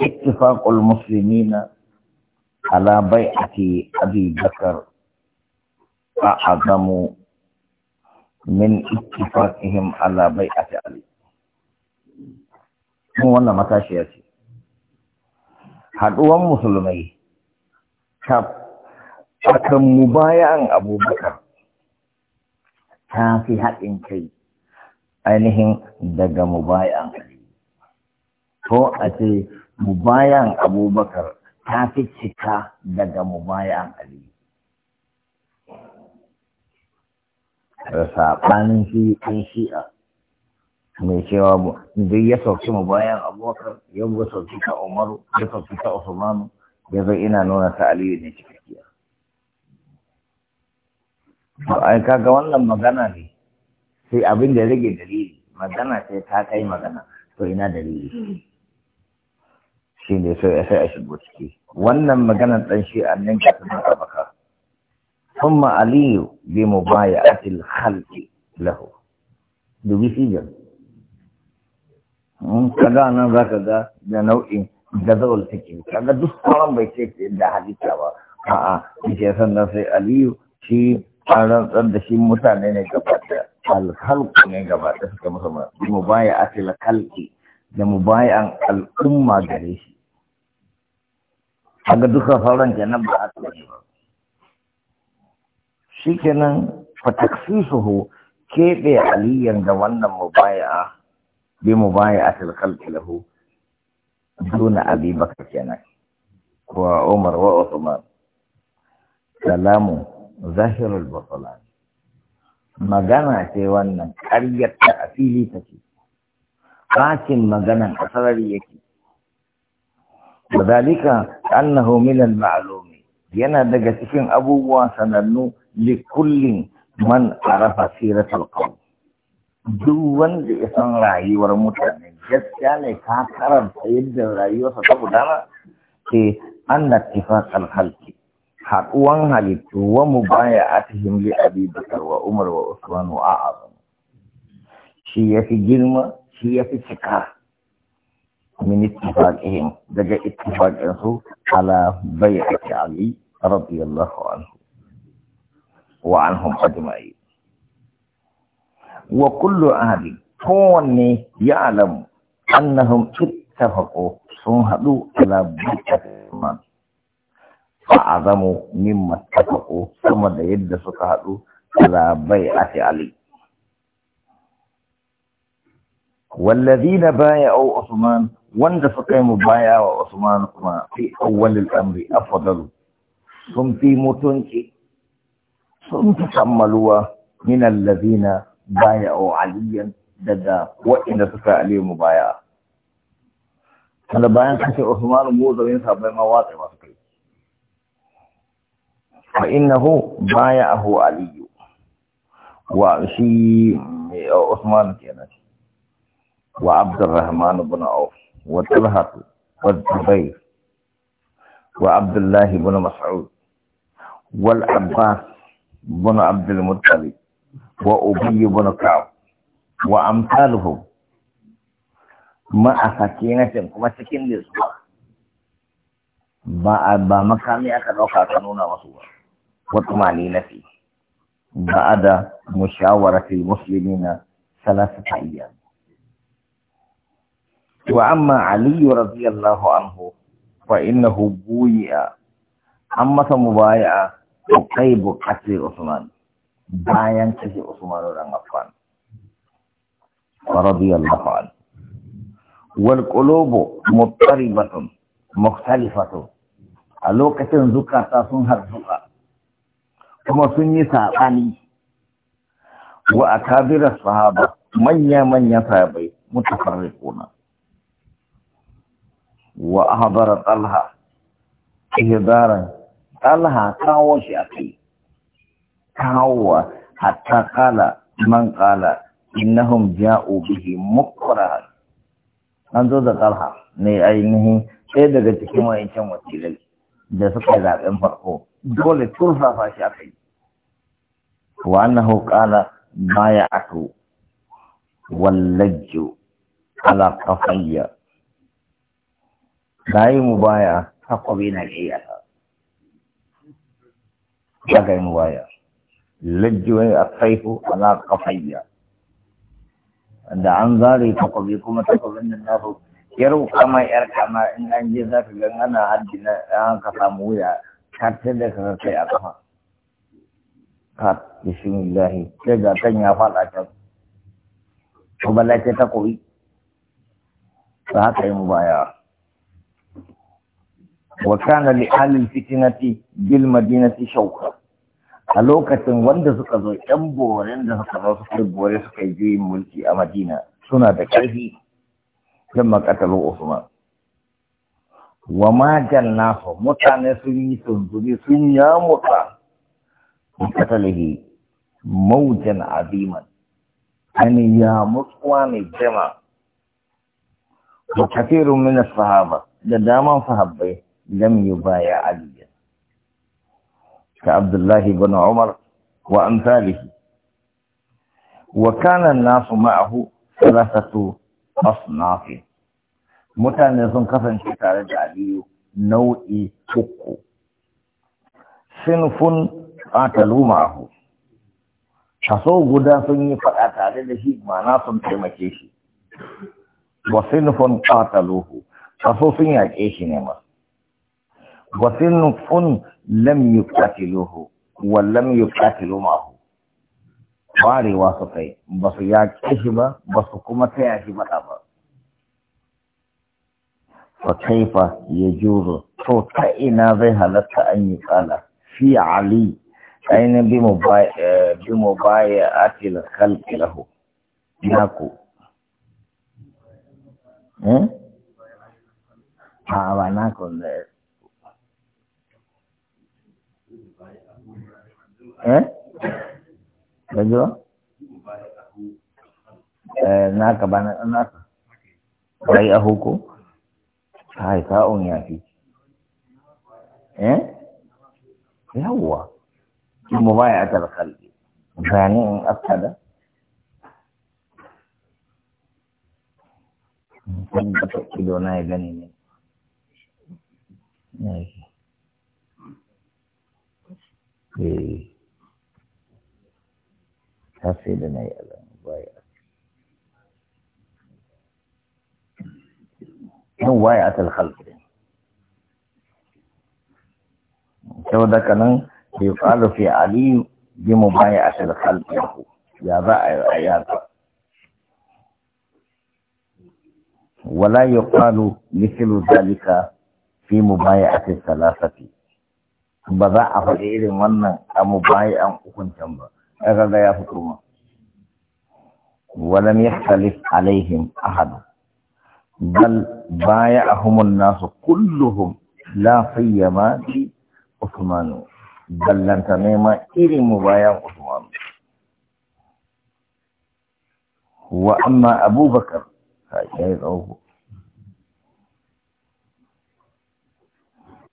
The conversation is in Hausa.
اتفاق المسلمين على بيعة أبي بكر أعظم من اتفاقهم على بيعة علي mu wannan matashiya ce haɗuwan musulmai ta akan bayan abubakar ta fi haɗin kai ainihin daga mu bayan. ko a ce mubayan abubakar ta fi cika daga mubayan ali saɓanin shi ɗin shi'a mai cewa duk ya sauki mubayan abubakar ya buga sauki ta umaru ya sauki ta usmanu ya zai ina nuna ta aliyu ne cikakkiya to ai kaga wannan magana ne sai abin da rage dalili magana sai ta kai magana to ina dalili shi ne sai sai a shigo ciki wannan maganar dan shi annin ka ta baka thumma aliyu bi mubayati al-khalqi lahu dubi sigar Mun kaga nan zaka ga da nau'in zawal take kaga duk sauran bai ce da halitta ba a'a san sannan sai aliyu shi an rantsar da shi mutane ne gaba da khalq ne gaba da suka musamman bi mu baya da mubayan al umma gare shi haka duka sauran kenan ba a taɓa ba shi kenan fa ho keɓe aliyan da wannan mubaya'a bi a tilkal lahu duna abi bakar kenan Kuwa umar wa usman Salamu zahirul batalan magana ce wannan karyar ta asili ta ce. bacin maganan a yake wadhalika annahu min al yana daga cikin abubuwa sanannu li man arafa siratul qawm duk wanda ya san rayuwar mutane gaskiya ne ka karanta yadda rayuwarsa ta gudana an eh, anna ittifaqal khalqi haɗuwan halittu wa mu baya a tihim li abi bakar wa umar wa usman wa a'azam shi ya fi girma shi ya fi cika من اتفاقهم دجا اتفاقهم على بيعة علي رضي الله عنه وعنهم أجمعين وكل أهل كوني يعلم أنهم اتفقوا سنهدوا على بيعة المال فأعظموا مما اتفقوا ثم يد سكهدوا على بيعة علي والذين بايعوا عثمان وند فقيم بايعوا عثمان كما في اول الامر افضل ثم في متنجي ثم تكملوا من الذين بايعوا عليا دجا وان تفا عليهم مبايع فلا بايع عثمان موضوع ينسى بما واتي فإنه بايعه علي وعشي عثمان كي وعبد الرحمن بن عوف وطلحة والزبير وعبد الله بن مسعود والعباس بن عبد المطلب وأبي بن كعب وأمثالهم مع سكينة كما سكين لسوا ba ba makami aka dauka ka nuna masu ba wata mali nafi ba da muslimina ayyam Wa amma Aliyu وأما علي رضي الله buya فإنه بويع mubaya مبايع قيب قتل Usman, bayan kashe Usman dan Affan radiyallahu anhu wal qulubu muttaribatun mukhtalifatu a lokacin zukata sun harzuka kuma sun yi saɓani wa a akabira sahaba manya manya sahabai kuna. wa ahbara talha ihdaran talha kawo shi a kai kawo hatta kala man kala innahum ja'u bihi mukrahan an zo da talha ne ainihin sai daga cikin wayancan wakilai da suka zaben farko dole turfafa shi a kai, wa annahu baya aku wallajju ala qafayya ka yi mu baya takwabi na ƙiyata za ka yi mu baya lajjiwai a saifu a za ka fayya da an zare takwabi kuma takwabin nan nasu yar kama yar kama in an je za ka gan ana haddi na an ka samu wuya katar da ka kai a kafa kat bismillahi sai ga kan ya faɗa can to ballace takobi za ka yi mu baya wa kana li ahlil fitnati bil madinati shauka a lokacin wanda suka zo yan boren da suka zo suka bore suka yi juyin mulki a madina suna da ƙarfi don makatalo usman wa ma nasu mutane sun yi tunzuri sun yamuka katalihi maujan aziman Ani ya mutsuwa ne jama da kafirun min sahaba da daman sahabbai لم يبايع عليا كعبد الله بن عمر وأمثاله وكان الناس معه ثلاثة أصناف mutane sun kasance tare da aliyu nau'i uku sinfun qatalu ma'ahu kaso guda sun yi faɗa tare da shi ma'ana sun taimake shi wa sinfun qataluhu kaso sun yaƙe shi ne ma وفي نطف لم يبتكله ولم يبتكل معه باري واسطي بس ياك اشبا بس حكومت فكيف يجوز توتا انا بهالتا ان يقال في علي اين بموبايا الخلق له ياكو ها ها آه، كنت da jiwa na ba na naka bai a huku kai sa'un ya fi eh yawwa baya ta kalbi bani in afsada tabbata na ya gani ne eh, eh. تفصيلنا يا الله هو واقعة الخلق سوى ذا كان يقال في علي بمبايعة الخلق له يا بائع يا ولا يقال مثل ذلك في مبايعة الثلاثة بذا أفضل من أمبايع أم أكون جنبه هذا يا فكرما ولم يختلف عليهم أحد بل بايعهم الناس كلهم لا سيما عثمان بل لن تنام إلي مبايع عثمان وأما أبو بكر أبو